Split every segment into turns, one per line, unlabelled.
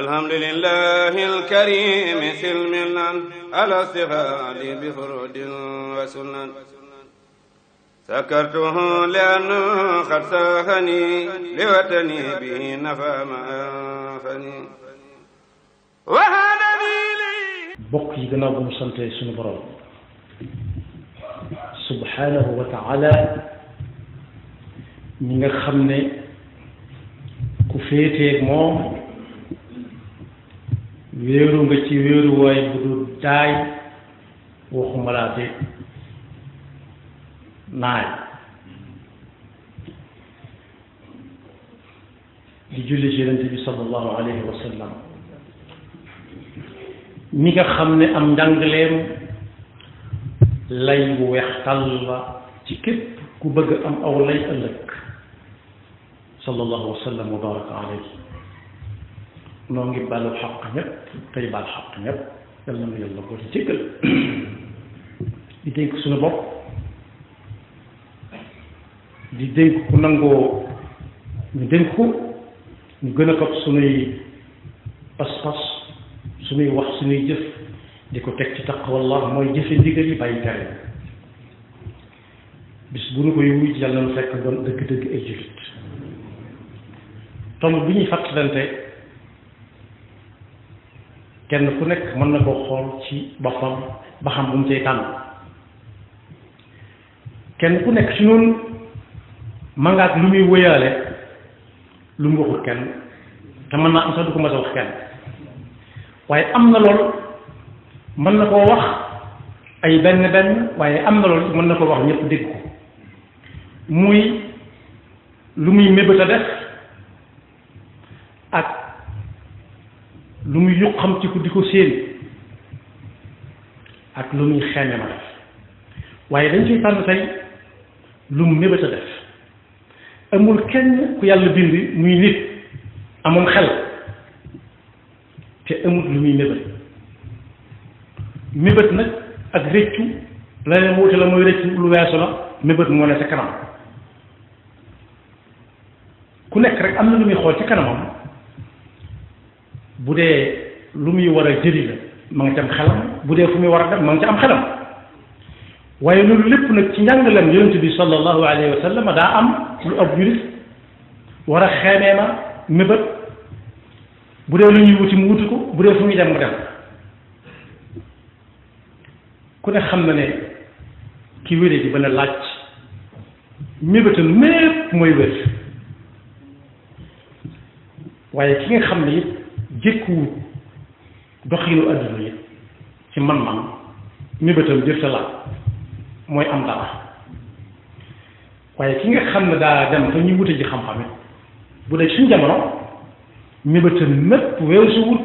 alhamdulillahi alkarimi silmilan alastifaad bifurud wa sunan sakartuhu lianna qad saahani liwatani bihi nafa ma anfani bokk yi gannaaw bu mu sante sunu borom subhanahu wa taala ñi nga wéeru nga ci wéeruwaay bu dul daay waxuma laa di julli ci yonent bi sallallahu alayhi wa mi nga xam ne am njàngaleem lay bu weex tàll ci képp ku bëgg am aw lay ëllëg sallallahu wa wa baraka alayhi noo ngi balu xaq ñëpp tey bal xaq ñëpp yal na nu di dénk suñu bopp di dénk ku nangoo ñu dénk ko ñu gën a fab suñuy pas-pas suñuy wax suñuy jëf di ko teg ci taqwallah mooy jëfe ndigal yi bàyyi tere bis bu nu koy wuy yàlla fekk doon dëgg-dëgg ay tomb bi ñuy fàttalante kenn ku nekk mën na koo xool ci boppam ba xam bu mu cay tànn kenn ku nekk si noonu mangaat lu muy wëyaale lu mu waxut kenn te mën naa am sax du ko mas wax kenn waaye am na lool mën na koo wax ay benn benn waaye am na lool mën na koo wax ñëpp dégg ko muy lu muy mébét def ak lu muy yuq xam ci ko di ko séen ak lu muy xeeñe ma def waaye dañ ciy tànn tey lu mu mébét a def amul kenn ku yàlla bind muy nit amoon xel te amul lu muy mébét mébét nag ak rëccu la leen wuute la mooy rëccu lu weesu la mébét moo ne sa kanam ku nekk rek am na lu muy xool ci kanamam bu dee lu muy war a jëri la ma nga am xelam bu dee fu muy war a dem ma nga am xelam waaye loolu lépp nag ci njàngalam yonent bi sallallahu alayhi wa sallam daa am lu ab jurist war a xeemee ma mébët bu dee lu ñuy wuti mu wuti ko bu dee fu muy dem mu dem ku ne xam na ne ki wéree ji ba ne laaj mébëtam mépp mooy wér waaye ki nga xam ne it jëkkuwut doxiinu adduna yi ci man-man mébétam jër sa laal mooy am dara waaye ki nga xam ne daa dem te ñuy wute ji xam-xam it bu dee suñ jamono mébétam mépp weesuwut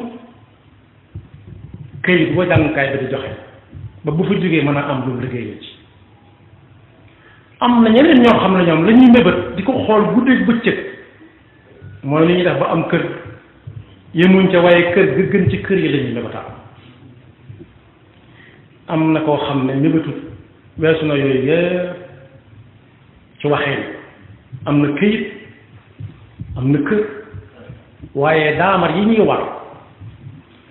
këyit boo jàngukaay bi di joxe ba bu fa jógee mën a am lu liggéey ci am na ñeneen ñoo xam ne ñoom la ñuy di ko xool guddeeg bëccëg mooy li ñuy def ba am kër yemuñ ca waaye kër ga gën ci kër yi lañuy mébataal am na koo xam ne mébatu weesu na yooyu yëpp ci waxee ni am na këyit am na kër waaye daamar yi ñuy war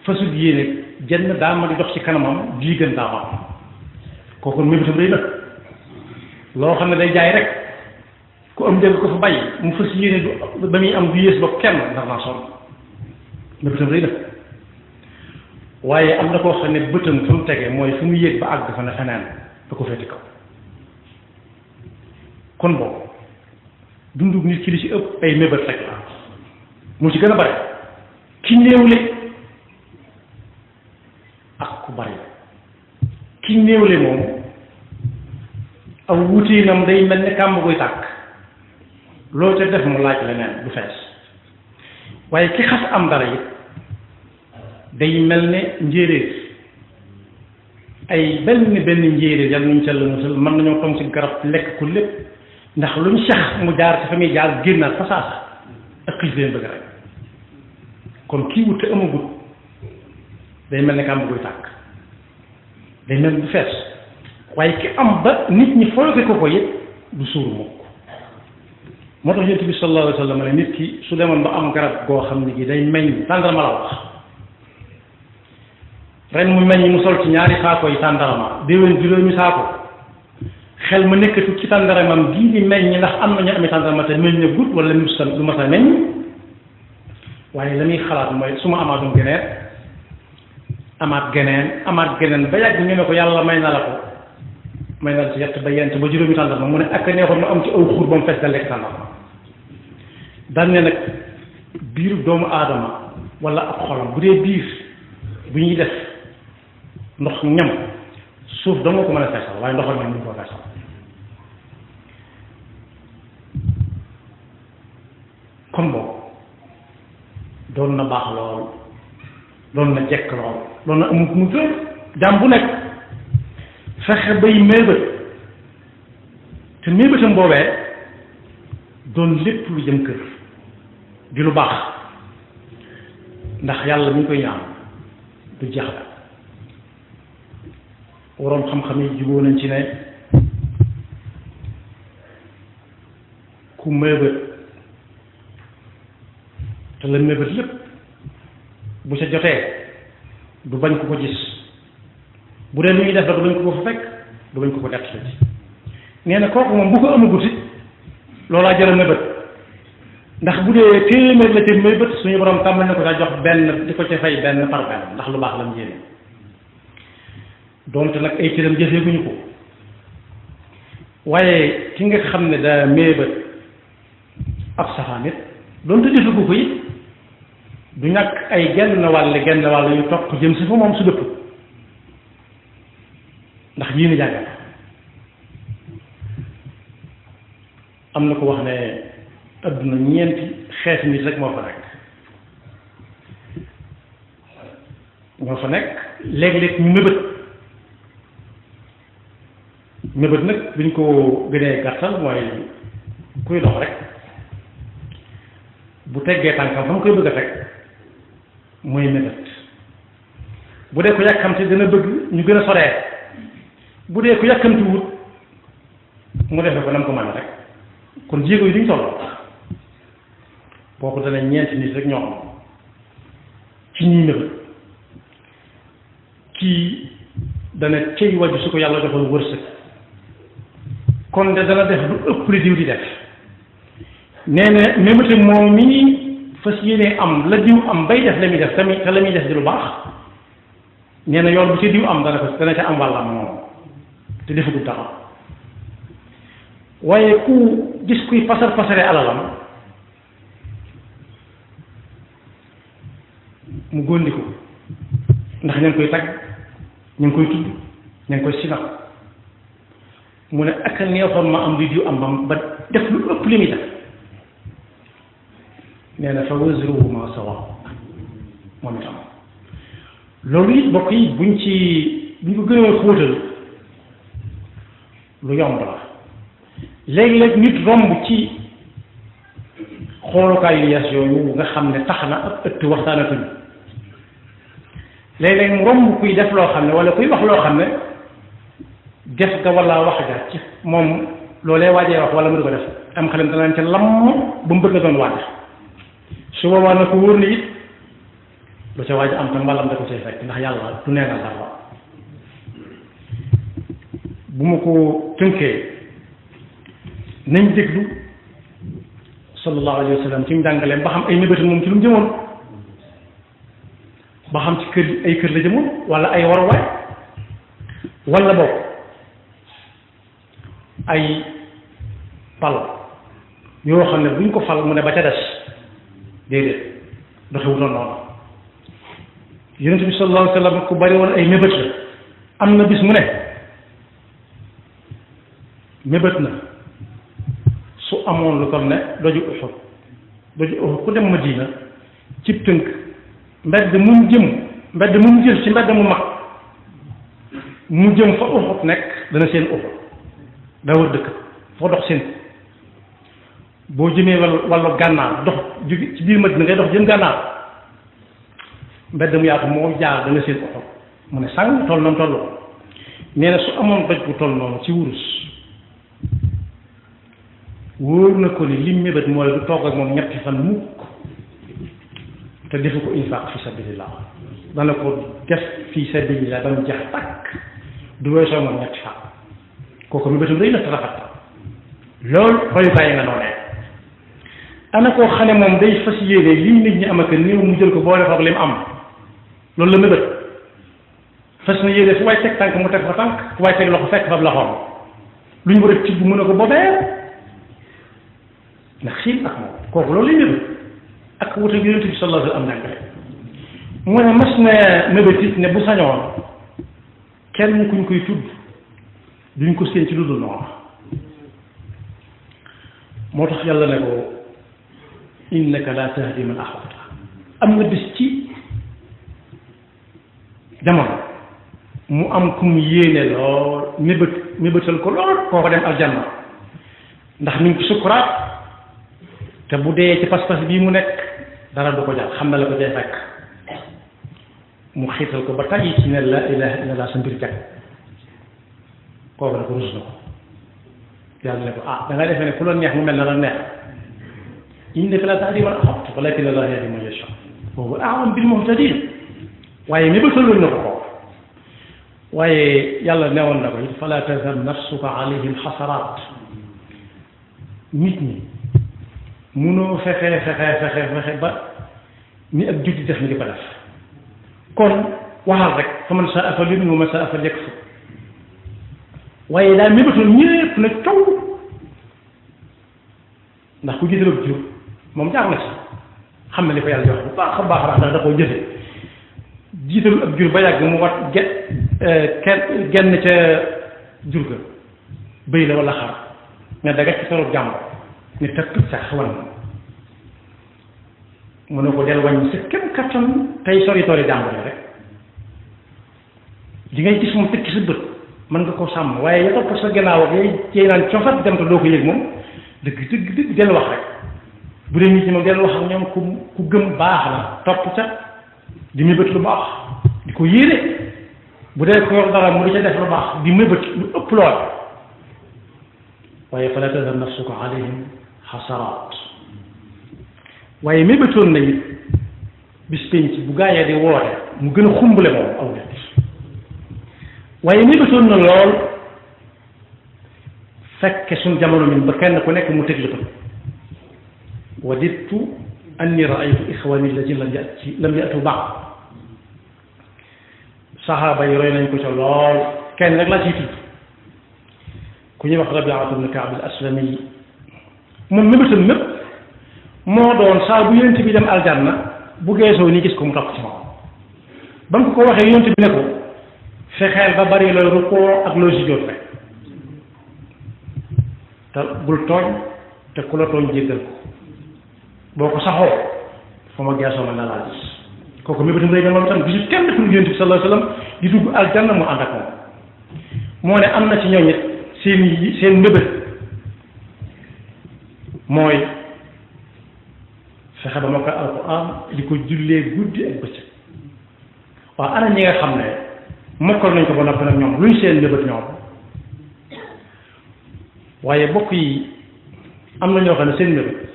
fasut yéene jenn daamar di dox ci kanamam jii gën daamar kooku mébatam rëy nag loo xam ne day jaay rek ku am jël ko fa bàyyi mu fas yéene du ba muy am du yées ba kenn ndax naa sonn ne bëtam lay def waaye am na koo xam ne bëtam fu mu tege mooy fu mu yéeg ba àgg fa na fanaan da ko féete kaw kon boobu dundu nit ki li ci ëpp ay mébét rek la mu ci gën a bare ki néewle ak ku bare ki néewle moom aw wuti day mel ne kàmb koy tàkk loolu te def mu laaj leneen du fees waaye ki xas am dara it day mel ne njéeréer ay benn benn njéeréer yàlla nañu ca la musal mën nañoo toog ci garab lekk ku lépp ndax lu ñu sax mu jaar ci fa muy jaar génnaat fa saasa ak xiis leen bëgg rek kon kii wut te amagut day mel ne ka am koy tàkk day mel bu fees waaye ki am ba nit ñi fooy ko ko yëpp du suur moom moo tax yonent bi sallallahu alayhi wa su demoon ba am garab goo xam ne gi day meññ tàndarma la wax ren mu meññ mu sol ci ñaari saako yi tàndarma déwén juróomi saako xel ma nekkatu ci tàndaramam gii di meññ ndax am na ñu amee tàndarma te meññ na gudd wala ma sa meññ waaye la muy xalaat mooy su ma amaatum geneen amaat geneen amaat geneen ba ko yàlla may na la ko may na la ci yett ba yent ba juróomi mu ne ak neexoon ma am ci aw xur ba mu fees da lekk tàndarma daan ne nag biiru doomu aadama walla ab xolam bu dee biir bu ñuy def ndox ñam suuf dama ko mën a feesal waaye ndoxal ñam ñu ko feesal kon boobu doon na baax lool doon na jekk lool doon na amut mu gën jàmm nekk fexe bay mébét te mébétam boobee doon lépp lu jëm kër di lu baax ndax yàlla mi ngi koy ñaan du jeex la waroon xam-xam yi juboo nañ ci ne ku mébét te la mébét lépp bu ca jotee du bañ ko ko gis bu dee lu ñuy def la du bañ ko ko fa du bañ ko ko dett la ci nee na kooku moom bu ko amaguti loolaa jëra mébét ndax bu dee téeméer la ca may bët suñu borom tàmbali na ko daa jox benn di ko ca fay benn par benn ndax lu baax la mu jëriñ donte nag ay cëram jëfeeguñu ko waaye ki nga xam ne daa may bët ab du ñàkk ay genn wàll genn wàll yu topp jëm si fa moom su dëpp ndax yéen a jàngal am na ko wax ne adduna ñeenti xeeti nit rek moo fa nekk moo fa nekk léeg-léeg ñu mëbët mëbët nag buñ ko gënee gàttal mooy kuy dox rek bu teggee tànkam fa mu koy bëgg a teg mooy mëbët bu dee ko yàkkamti dana bëgg ñu gën a soree bu dee ko yàkkamti wut mu defee ko nam ko mën rek kon jéego yi duñ toll kooku dana ñeenti nit rek ñoo xam ci ñii mébét kii dana cey waju su ko yàlla defal wërsëg kon de dana def lu ëpp diw di def nee na mébété moom mi fas yéene am la diw am bay def la muy def te muy def di lu baax nee na yoon bu ci diw am dana ko dana ca am wàllam moom te defagul taxaw waaye ku gis kuy pasar pasare alalam mu góndiku ko ña ngi koy tagg ña ngi koy tudd ña koy sinax mu ne ak a neexoon ma am li diw am ba def lu ëpp li muy def nee na fa wazruhuma sawa moom itam loolu it bokk yi buñ ci buñ ko gën a xóotal lu yomb la léegi-léeg nit romb ci xoolukaayu yees yooyu nga xam ne tax na ak ëtt waxtaanatuñu léeg-léeg mu romb kuy def loo xam ne wala kuy wax loo xam ne def ga wala wax ga ci moom loolee waajee wax wala mu di ko def am xelam danaan ca lamm ba mu bëgg a ndax yàlla du neenal dara bu ma ko tënkee nañ déglu sallallahu alayhi wa sallam ci mu jàngaleem ba xam ay mébétam moom ci lu mu jëmoon ba xam ci kër ay kër la jëmoon wala ay waruwaay wala boog ay pal yoo xam ne buñ ko fal mu ne ba ca des déedéet doxewul noonu yonent bi sallallahu alayhi ku bari woon ay mébét la am na bis mu ne mébét na su amoon lu toll ne doju Uhud doju Uhud ku dem Madina cib tënk mbedd mum jëm mbedd mum jël ci mbedd mu mag mu jëm fa uxut nekk dana seen uxut daa wër dëkk foo dox seen boo jëmee wàllu wàllu gànnaar dox ju ci biir Madina ngay dox jëm gànnaar mbedd mu yaatu moo jaar dana seen uxut mu ne sàng toll noonu tollu nee na su amoon doj bu toll noonu ci wurus wóor na ko ni lim mébét mooy du toog ak moom ñetti fan mukk te defu ko infaq fi sabilillah dana ko def fi sabilillah ba mu jeex tàkk du weesoo moom na koo xam ne moom day fas mu jël ko li am loolu la mébét na yéene fu waay tànk mu tànk fu waay teg ko bobee ndax kooku loolu lay ak wuute yonent bi sallallahu alayhi wa sallam jàngale mu ne mas na mébétit ne bu sañoon kenn kuñ koy tudd duñ ko séen ci lu noonu moo tax yàlla ne ko innaka laa tahdi man ahbabta am nga bis ci jamono mu am ku mu yéene lool mébét mébétal ko lool koo ko dem aljanna ndax mi ngi ko sukkuraat te bu dee ci pas-pas bii mu nekk dara du ko jàll xam na la ko dee fekk mu xiital ko ba tàyyi ci ne la ilaha illallah sa mbir jag kooku ne ko rus na ko yàlla ne ko ah da nga defee ne ku la neex mu mel na la neex innaka laa tahdii man ahbabta walaakinna llaaha yahdii man yashaa wa huwa a'lamu bil muhtadiin waaye mi ba tëlloon na ko kooku waaye yàlla newoon na ko it falaa tazhab nafsuka alayhim xasaraat nit ñi munoo fexe fexe fexe fexe ba ni ak jullit def ni di ko def kon waxal rek fa man saa afal yun ma saa afal yekk fu waaye daal mébatoon ñëpp na coow ndax ku jiital ak jur moom jaar na ci xam na li ko yàlla jox bu baax a baax baax ndax da koo jëfe jiitalu ab jur ba yàgg mu wat ge eh, genn ca jur ga bëy la wala xar nga dagat ci solo jàmbur ne tëpp sax wan mu ko del wàññi sa kem tey sori tooli jàmbur rek li ngay gis moom tekki sa bët mën nga koo sàmm waaye ya topp sa gannaaw ak yooyu cee naan coofat dem te doo ko yëg moom del wax rek bu dee nit ñi del wax ak ñoom ku gëm baax la topp ca di mébét lu di ko yéene bu dee ko yor dara mu di ca def lu baax di mébét lu ëpp lool waaye fala tazhar nafsuka alayhim xasaraat waaye mébétoon na it bis penc mu gën a xumbale moom aw nit na lool fekke suñ jamono min ba ku nekk mu tëj la wadittu anni raaytu ixwaani alladina lam yati lam yatu baax saxaaba yi roy nañ ko ca lool ku ñuy wax rabiatu bne kaab al aslami moom mébétam mépp moo doon saa bu yonent bi dem aljanna bu geesoo ni gis ko mu topp ci moom ba mu ko ko waxee yonent bi ne fexeel ba bari looy rukkoo ak looy sujjóot rek te bul tooñ te ku la tooñ jéggal ko boo ko saxoo fu ma geesoo mën na laa gis kooku mébétam day mel moom itam gisul kenn ku yonent bi sallallahu alayhi wa di dugg aljanna mu ànd ak moom moo ne am na ci ñooñu seen seen mébét mooy fexe ba mokkal alquran di ko jullee guddi ak bëccëg waaw ana ñi nga xam ne mokkal nañ ko ba noppi nag ñoom luñ seen nëbët ñoom waaye bokk yi am na ñoo xam ne seen nëbët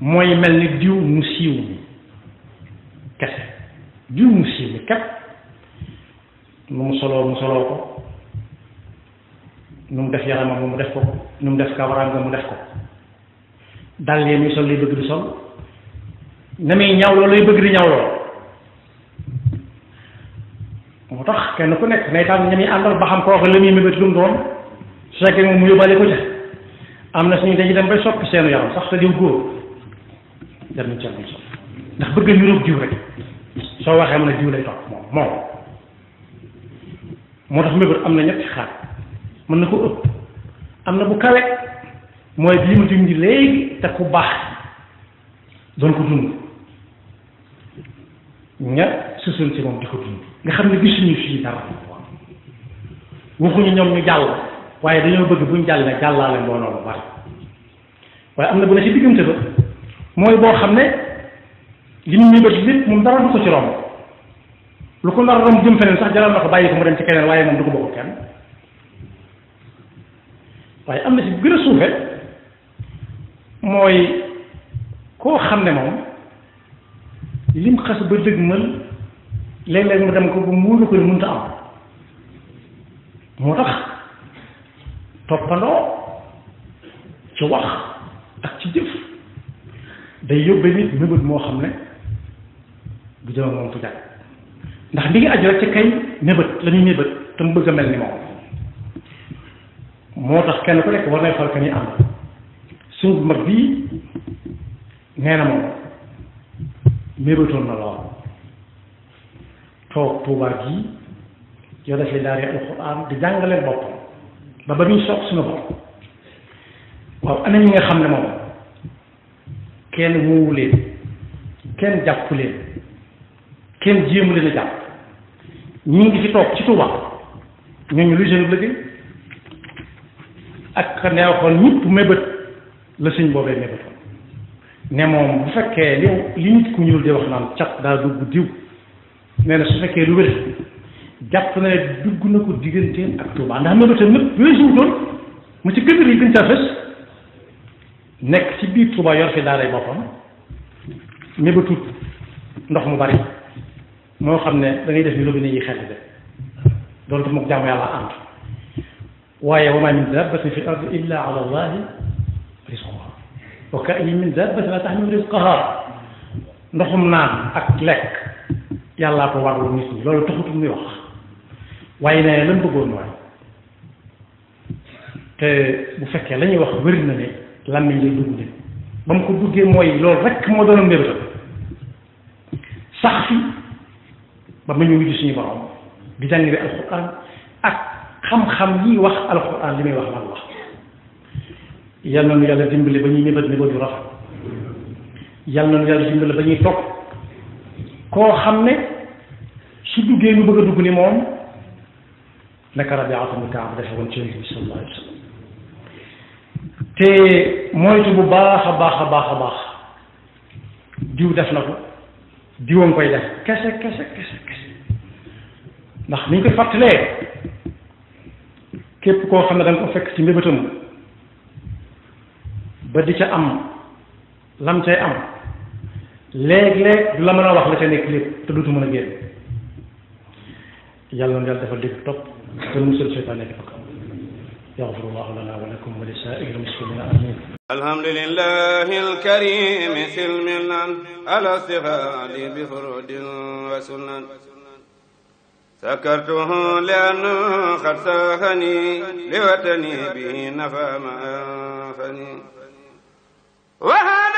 mooy mel ni diw mu siiw mi kese diw mu siiw mi kat mu soloo mu soloo ko nu mu def yaramam ba mu def ko nu mu def kawaraam mu def ko dal yee muy sol lay bëgg di sol na muy ñawloo lay bëgg di ñawloo moo tax kenn ku nekk nay tànn ña muy àndal ba xam kooku la muy mébét lu mu doon su fekkee moom mu yóbbaale ko ca am na suñu dañuy dem bay soppi seenu yaram sax te diw góor dem nañ ca sol ndax bëgg a niroog diw rek soo waxee mën a diw lay topp moom moom moo tax mébét am na ñetti xaat mën na ko ëpp am na bu kawe mooy bii mu dim di léegi te ku baax doon ko dund ko nga xam ne gisuñu fii dara waxuñu ñoom ñu jàll waaye dañoo bëgg buñ jàllee jàllaale mbooloo bu bari am na bu ne ci diggante ba mooy boo xam ne li mu ñëbët lépp moom dara du ko ci romb lu ko nar romb jëm feneen sax jaral na ko bàyyi ko mu dem ci keneen waaye moom du ko bokk kenn waaye am na si bu gën a suufe mooy koo xam ne moom lim xas ba dëgmal léeg-léeg mu dem ko bu muunu koy mënta am moo tax toppandoo ci wax ak ci jëf day yóbbe nit mébét moo xam ne du jëm moom fu jàpp ndax li ngi aju rek ci kay mébét la ñuy te mu bëgg a mel ni moom moo tax kenn ku nekk war nay xool ka ni am suñ bu mag bii nee na moom mébatoon na lool toog tuubaa gii yore fi daara alxuraan di jàngaleen boppam ba ba ñuy soog suñu bopp waaw ana ñi nga xam ne moom kenn woowu leen kenn jàppu leen kenn jéemu leen a jàpp ñu ngi fi toog ci tuubaa ñooñu luy seen liggéey ak ka neexoon ñëpp mébét la sëñ boobee mébétoon ne moom bu fekkee li li nit ku ñuul di wax naan cat daa dugg diw nee na su fekkee lu wér jàpp na ne dugg na ko digganteen ak Tuubaa ndax mébétam nëpp yooyu suñu doon ci gën a ci biir Tuubaa yor boppam mébétut ndox mu bari moo xam ne da def ni loolu daf mook yàlla ànd waaye wa maa min daabbatin fi l-ardi illaa alaa llaahi rizquhaa wa kaa'in min daabbatin laa tahmilu rizqahaa ndoxum naan ak lekk yàllaa ko warlu nit ñi loolu taxutu muy wax waaye la lan bëggoon mooy te bu fekkee lañuy wax wér na ne làmmiñ lay dugg nit ba mu ko duggee mooy loolu rek moo doon mbébétam sax fi ba mu ñu wujj suñu borom di jàng bi alxuraan xam-xam yi wax alquran li muy wax man wax yal na nu yàlla dimbali ba ñuy mébét mébét yu rafet na nu yàlla dimbali ba ñuy topp koo xam ne su duggee ñu bëgg a dugg ni moom naka Rabiata ci yonent bi te moytu bu baax a baax a baax a baax diw def na ko diwoon koy def kese kese kese kese ndax niñ koy fàttalee képp koo xam ne da nga ko fekk ci mbébétam ba di ca am lam cay am léeg-léeg du la mën a wax la ca nekk lépp te duutu mën a génn yàlla na yàlla dafa dégg topp te musal seytaan nekk fakk يغفر الله لنا ولكم ولسائر المسلمين امين الحمد لله الكريم سلم على استفاد بفرد وسنن سكرته لأنه قد ساخني لوتني به نفى ما أنفني